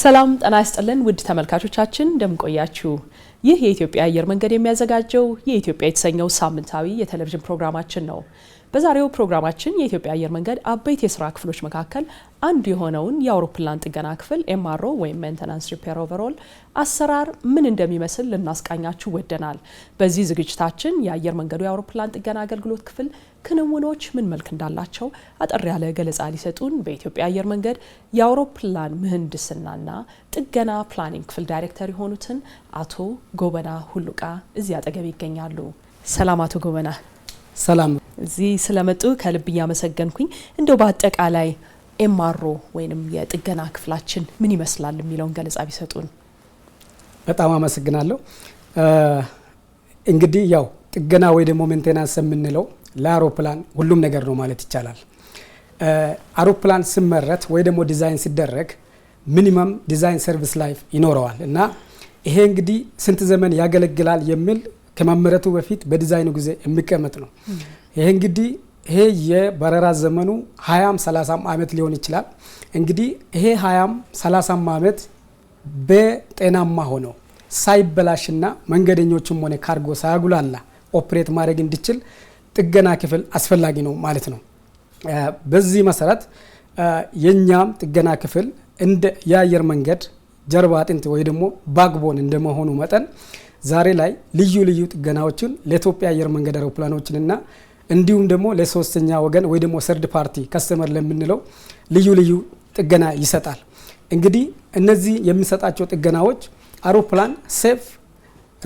ሰላም ጠና ይስጥልን ውድ ተመልካቾቻችን እንደምንቆያችሁ። ይህ የኢትዮጵያ አየር መንገድ የሚያዘጋጀው የኢትዮጵያ የተሰኘው ሳምንታዊ የቴሌቪዥን ፕሮግራማችን ነው። በዛሬው ፕሮግራማችን የኢትዮጵያ አየር መንገድ አበይት የስራ ክፍሎች መካከል አንዱ የሆነውን የአውሮፕላን ጥገና ክፍል ኤምአርኦ ወይም ሜንተናንስ ሪፔር ኦቨሮል አሰራር ምን እንደሚመስል ልናስቃኛችሁ ወደናል። በዚህ ዝግጅታችን የአየር መንገዱ የአውሮፕላን ጥገና አገልግሎት ክፍል ክንውኖች ምን መልክ እንዳላቸው አጠር ያለ ገለጻ ሊሰጡን በኢትዮጵያ አየር መንገድ የአውሮፕላን ምህንድስናና ጥገና ፕላኒንግ ክፍል ዳይሬክተር የሆኑትን አቶ ጎበና ሁሉቃ እዚህ አጠገብ ይገኛሉ። ሰላም አቶ ጎበና። ሰላም እዚህ ስለመጡ ከልብ እያመሰገንኩኝ እንደው በአጠቃላይ ኤምአሮ ወይም የጥገና ክፍላችን ምን ይመስላል የሚለውን ገለጻ ቢሰጡን። በጣም አመሰግናለሁ። እንግዲህ ያው ጥገና ወይ ደግሞ ሜንቴናንስ የምንለው ለአውሮፕላን ሁሉም ነገር ነው ማለት ይቻላል። አውሮፕላን ስመረት ወይ ደግሞ ዲዛይን ሲደረግ ሚኒመም ዲዛይን ሰርቪስ ላይፍ ይኖረዋል እና ይሄ እንግዲህ ስንት ዘመን ያገለግላል የሚል ከመመረቱ በፊት በዲዛይኑ ጊዜ የሚቀመጥ ነው። ይሄ እንግዲህ ይሄ የበረራ ዘመኑ ሀያም ሰላሳም ዓመት ሊሆን ይችላል። እንግዲህ ይሄ ሀያም ሰላሳም ዓመት በጤናማ ሆነው ሳይበላሽና መንገደኞችም ሆነ ካርጎ ሳያጉላላ ኦፕሬት ማድረግ እንዲችል ጥገና ክፍል አስፈላጊ ነው ማለት ነው። በዚህ መሰረት የእኛም ጥገና ክፍል እንደ የአየር መንገድ ጀርባ አጥንት ወይ ደግሞ ባግቦን እንደመሆኑ መጠን ዛሬ ላይ ልዩ ልዩ ጥገናዎችን ለኢትዮጵያ አየር መንገድ አውሮፕላኖችንና እንዲሁም ደግሞ ለሶስተኛ ወገን ወይ ደግሞ ሰርድ ፓርቲ ከስተመር ለምንለው ልዩ ልዩ ጥገና ይሰጣል። እንግዲህ እነዚህ የሚሰጣቸው ጥገናዎች አውሮፕላን ሴፍ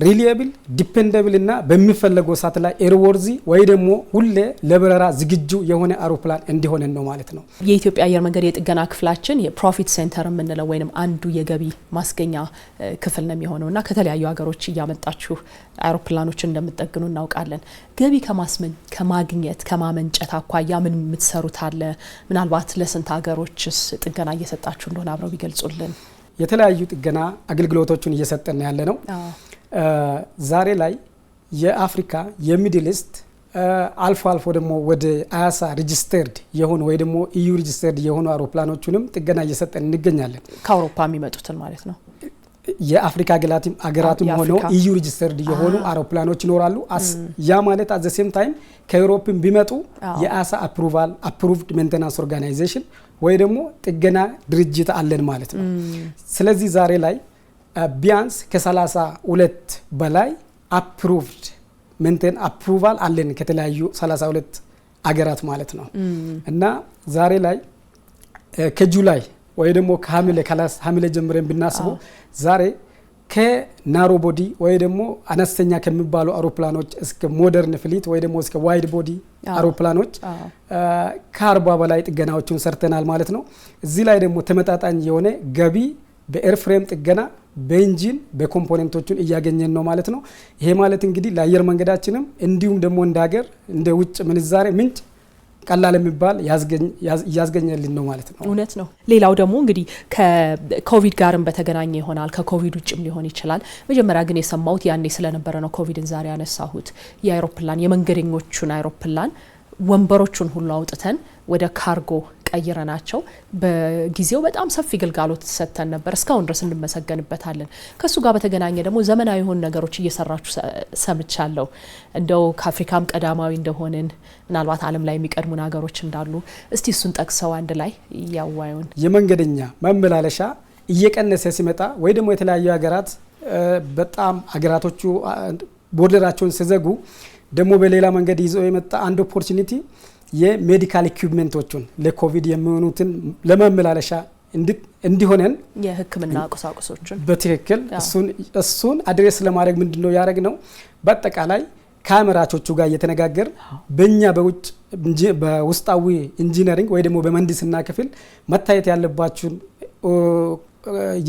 ሪሊየብል ዲፔንደብል እና በሚፈለገው ሰዓት ላይ ኤርወርዚ ወይ ደግሞ ሁሌ ለበረራ ዝግጁ የሆነ አውሮፕላን እንዲሆነን ነው ማለት ነው። የኢትዮጵያ አየር መንገድ የጥገና ክፍላችን የፕሮፊት ሴንተር የምንለው ወይም አንዱ የገቢ ማስገኛ ክፍል ነው የሚሆነው እና ከተለያዩ ሀገሮች እያመጣችሁ አውሮፕላኖችን እንደምጠግኑ እናውቃለን። ገቢ ከማግኘት ከማመንጨት አኳያ ምን የምትሰሩት አለ? ምናልባት ለስንት ሀገሮችስ ጥገና እየሰጣችሁ እንደሆነ አብረው ቢገልጹልን። የተለያዩ ጥገና አገልግሎቶችን እየሰጠን ያለ ነው። ዛሬ ላይ የአፍሪካ የሚድል ኢስት አልፎ አልፎ ደግሞ ወደ አያሳ ሬጅስተርድ የሆኑ ወይ ደግሞ ኢዩ ሬጅስተርድ የሆኑ አውሮፕላኖቹንም ጥገና እየሰጠን እንገኛለን። ከአውሮፓ የሚመጡትን ማለት ነው። የአፍሪካ አገራትም ሆነው ኢዩ ሬጅስተርድ የሆኑ አውሮፕላኖች ይኖራሉ። ያ ማለት አዘ ሴም ታይም ከዩሮፕም ቢመጡ የአያሳ አፕሩቫል አፕሩቭድ ሜንቴናንስ ኦርጋናይዜሽን ወይ ደግሞ ጥገና ድርጅት አለን ማለት ነው። ስለዚህ ዛሬ ላይ ቢያንስ ከ32 በላይ አፕሩቭድ ምንትን አፕሩቫል አለን ከተለያዩ 32 አገራት ማለት ነው። እና ዛሬ ላይ ከጁላይ ወይ ደግሞ ከሐምሌ ጀምረን ብናስበው ዛሬ ከናሮ ቦዲ ወይ ደግሞ አነስተኛ ከሚባሉ አውሮፕላኖች እስከ ሞደርን ፍሊት ወይ ደግሞ እስከ ዋይድ ቦዲ አውሮፕላኖች ከአርባ በላይ ጥገናዎችን ሰርተናል ማለት ነው። እዚህ ላይ ደግሞ ተመጣጣኝ የሆነ ገቢ በኤርፍሬም ጥገና በኢንጂን በኮምፖኔንቶቹን እያገኘን ነው ማለት ነው። ይሄ ማለት እንግዲህ ለአየር መንገዳችንም እንዲሁም ደግሞ እንደ ሀገር እንደ ውጭ ምንዛሬ ምንጭ ቀላል የሚባል እያስገኘልን ነው ማለት ነው። እውነት ነው። ሌላው ደግሞ እንግዲህ ከኮቪድ ጋርም በተገናኘ ይሆናል ከኮቪድ ውጭም ሊሆን ይችላል። መጀመሪያ ግን የሰማሁት ያኔ ስለነበረ ነው ኮቪድን ዛሬ ያነሳሁት የአይሮፕላን የመንገደኞቹን አይሮፕላን ወንበሮቹን ሁሉ አውጥተን ወደ ካርጎ ናቸው። በጊዜው በጣም ሰፊ ግልጋሎት ሰጥተን ነበር። እስካሁን ድረስ እንመሰገንበታለን። ከእሱ ጋር በተገናኘ ደግሞ ዘመናዊ የሆኑ ነገሮች እየሰራችሁ ሰምቻለሁ። እንደው ከአፍሪካም ቀዳማዊ እንደሆንን ምናልባት ዓለም ላይ የሚቀድሙን ሀገሮች እንዳሉ እስቲ እሱን ጠቅሰው አንድ ላይ እያዋዩን። የመንገደኛ መመላለሻ እየቀነሰ ሲመጣ ወይ ደግሞ የተለያዩ ሀገራት በጣም ሀገራቶቹ ቦርደራቸውን ሲዘጉ ደግሞ በሌላ መንገድ ይዘው የመጣ አንድ ኦፖርቹኒቲ የሜዲካል ኢኩዊፕመንቶቹን ለኮቪድ የሚሆኑትን ለማመላለሻ እንዲሆነን የህክምና ቁሳቁሶችን በትክክል እሱን አድሬስ ለማድረግ ምንድን ነው ያደረግ ነው በአጠቃላይ ከአምራቾቹ ጋር እየተነጋገር በእኛ በውጭ በውስጣዊ ኢንጂነሪንግ ወይ ደግሞ በመንዲስና ክፍል መታየት ያለባችሁን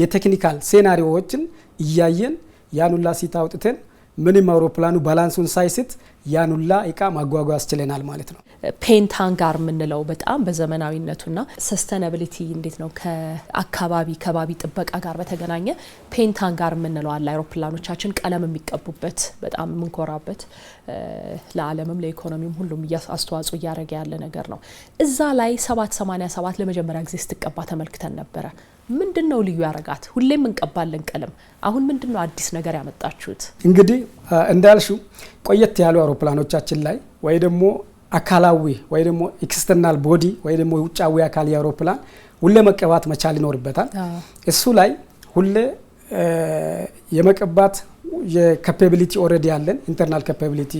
የቴክኒካል ሴናሪዎችን እያየን ያኑላ ሲት አውጥተን ምንም አውሮፕላኑ ባላንሱን ሳይስት ያኑላ እቃ ማጓጓዝ ችለናል ማለት ነው። ፔንታን ጋር የምንለው በጣም በዘመናዊነቱና ሰስተናብሊቲ እንዴት ነው ከአካባቢ ከባቢ ጥበቃ ጋር በተገናኘ ፔንታን ጋር የምንለው አለ። አይሮፕላኖቻችን ቀለም የሚቀቡበት በጣም የምንኮራበት ለዓለምም ለኢኮኖሚም ሁሉም አስተዋጽኦ እያደረገ ያለ ነገር ነው። እዛ ላይ 787 ለመጀመሪያ ጊዜ ስትቀባ ተመልክተን ነበረ። ምንድን ነው ልዩ ያረጋት? ሁሌም እንቀባለን ቀለም። አሁን ምንድን ነው አዲስ ነገር ያመጣችሁት? እንግዲህ እንዳልሹ ቆየት ያሉ አውሮፕላኖቻችን ላይ ወይ ደግሞ አካላዊ ወይ ደግሞ ኤክስተርናል ቦዲ ወይ ደግሞ ውጫዊ አካል የአውሮፕላን ሁሌ መቀባት መቻል ይኖርበታል። እሱ ላይ ሁሌ የመቀባት የካፓቢሊቲ ኦልሬዲ ያለን ኢንተርናል ካፓቢሊቲ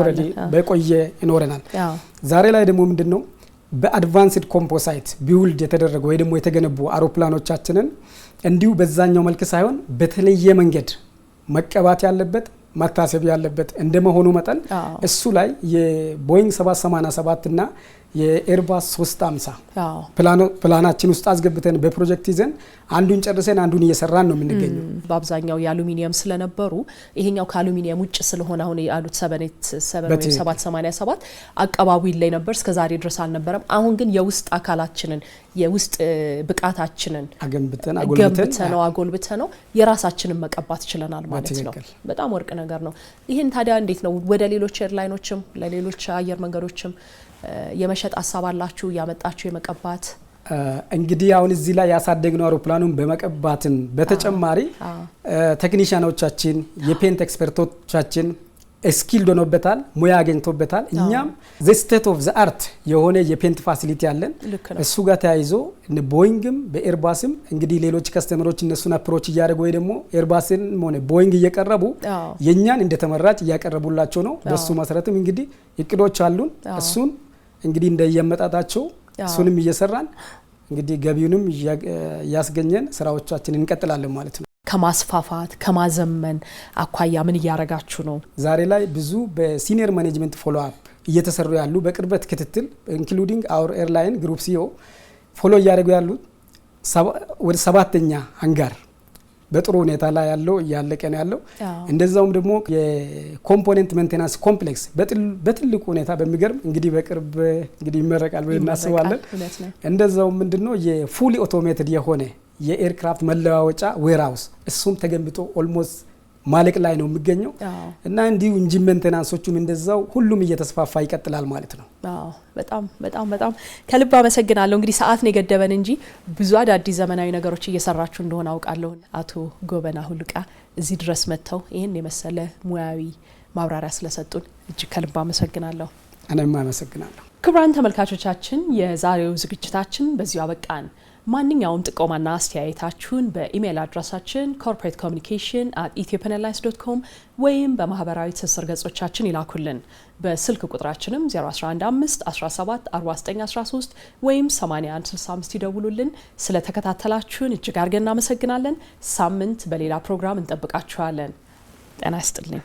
ኦልሬዲ በቆየ ይኖረናል። ዛሬ ላይ ደግሞ ምንድን ነው በአድቫንስድ ኮምፖሳይት ቢውልድ የተደረገ ወይ ደግሞ የተገነቡ አውሮፕላኖቻችንን እንዲሁ በዛኛው መልክ ሳይሆን በተለየ መንገድ መቀባት ያለበት መታሰብ ያለበት እንደመሆኑ መጠን እሱ ላይ የቦይንግ 787 እና የኤርባስ 350 ፕላናችን ውስጥ አስገብተን በፕሮጀክት ይዘን አንዱን ጨርሰን አንዱን እየሰራን ነው የምንገኘው። በአብዛኛው የአሉሚኒየም ስለነበሩ ይሄኛው ከአሉሚኒየም ውጭ ስለሆነ አሁን ያሉት 787 አቀባቡ ይለይ ነበር እስከዛሬ ድረስ አልነበረም። አሁን ግን የውስጥ አካላችንን የውስጥ ብቃታችንን አገንብተን ነው አጎልብተ ነው የራሳችንን መቀባት ችለናል ማለት ነው። በጣም ወርቅ ነገር ነው። ይህን ታዲያ እንዴት ነው ወደ ሌሎች ኤርላይኖችም ለሌሎች አየር መንገዶችም የመሸጥ ሀሳብ አላችሁ እያመጣችሁ የመቀባት? እንግዲህ አሁን እዚህ ላይ ያሳደግነው አውሮፕላኑን በመቀባትን በተጨማሪ ቴክኒሽያኖቻችን የፔንት ኤክስፐርቶቻችን ስኪል ዶኖበታል፣ ሙያ አገኝቶበታል። እኛም ዘ ስቴት ኦፍ ዘ አርት የሆነ የፔንት ፋሲሊቲ አለን። እሱ ጋር ተያይዞ ቦይንግም በኤርባስም እንግዲህ ሌሎች ከስተመሮች እነሱን አፕሮች እያደረጉ ወይ ደግሞ ኤርባስን ሆነ ቦይንግ እየቀረቡ የእኛን እንደ ተመራጭ እያቀረቡላቸው ነው። በሱ መሰረትም እንግዲህ እቅዶች አሉን እሱን እንግዲህ እንደየመጣጣቸው እሱንም እየሰራን እንግዲህ ገቢውንም እያስገኘን ስራዎቻችን እንቀጥላለን ማለት ነው። ከማስፋፋት ከማዘመን አኳያ ምን እያረጋችሁ ነው? ዛሬ ላይ ብዙ በሲኒየር ማኔጅመንት ፎሎ አፕ እየተሰሩ ያሉ በቅርበት ክትትል ኢንክሉዲንግ አውር ኤርላይን ግሩፕ ሲዮ ፎሎ እያደረጉ ያሉት ወደ ሰባተኛ አንጋር በጥሩ ሁኔታ ላይ ያለው እያለቀ ነው ያለው። እንደዛውም ደግሞ የኮምፖኔንት ሜንቴናንስ ኮምፕሌክስ በትልቁ ሁኔታ በሚገርም እንግዲህ በቅርብ እንግዲህ ይመረቃል ብለን እናስባለን። እንደዛውም ምንድነው የፉሊ ኦቶሜትድ የሆነ የኤርክራፍት መለዋወጫ ዌርሃውስ እሱም ተገንብቶ ኦልሞስት ማለቅ ላይ ነው የሚገኘው እና እንዲሁ እንጂ መንተናንሶቹም እንደዛው ሁሉም እየተስፋፋ ይቀጥላል ማለት ነው። በጣም በጣም በጣም ከልብ አመሰግናለሁ። እንግዲህ ሰዓት ነው የገደበን እንጂ ብዙ አዳዲስ ዘመናዊ ነገሮች እየሰራችሁ እንደሆነ አውቃለሁ። አቶ ጎበና ሁሉቃ እዚህ ድረስ መጥተው ይህን የመሰለ ሙያዊ ማብራሪያ ስለሰጡን እጅግ ከልብ አመሰግናለሁ። እኔም አመሰግናለሁ። ክቡራን ተመልካቾቻችን የዛሬው ዝግጅታችን በዚሁ አበቃን። ማንኛውም ጥቆማና አስተያየታችሁን በኢሜይል አድራሳችን ኮርፖሬት ኮሚኒኬሽን አት ኢትዮጵያን ኤርላይንስ ዶት ኮም ወይም በማህበራዊ ትስስር ገጾቻችን ይላኩልን። በስልክ ቁጥራችንም 0115 17 ወይም 8165 ይደውሉልን። ስለተከታተላችሁን እጅግ አድርገን እናመሰግናለን። ሳምንት በሌላ ፕሮግራም እንጠብቃችኋለን። ጤና ይስጥልኝ።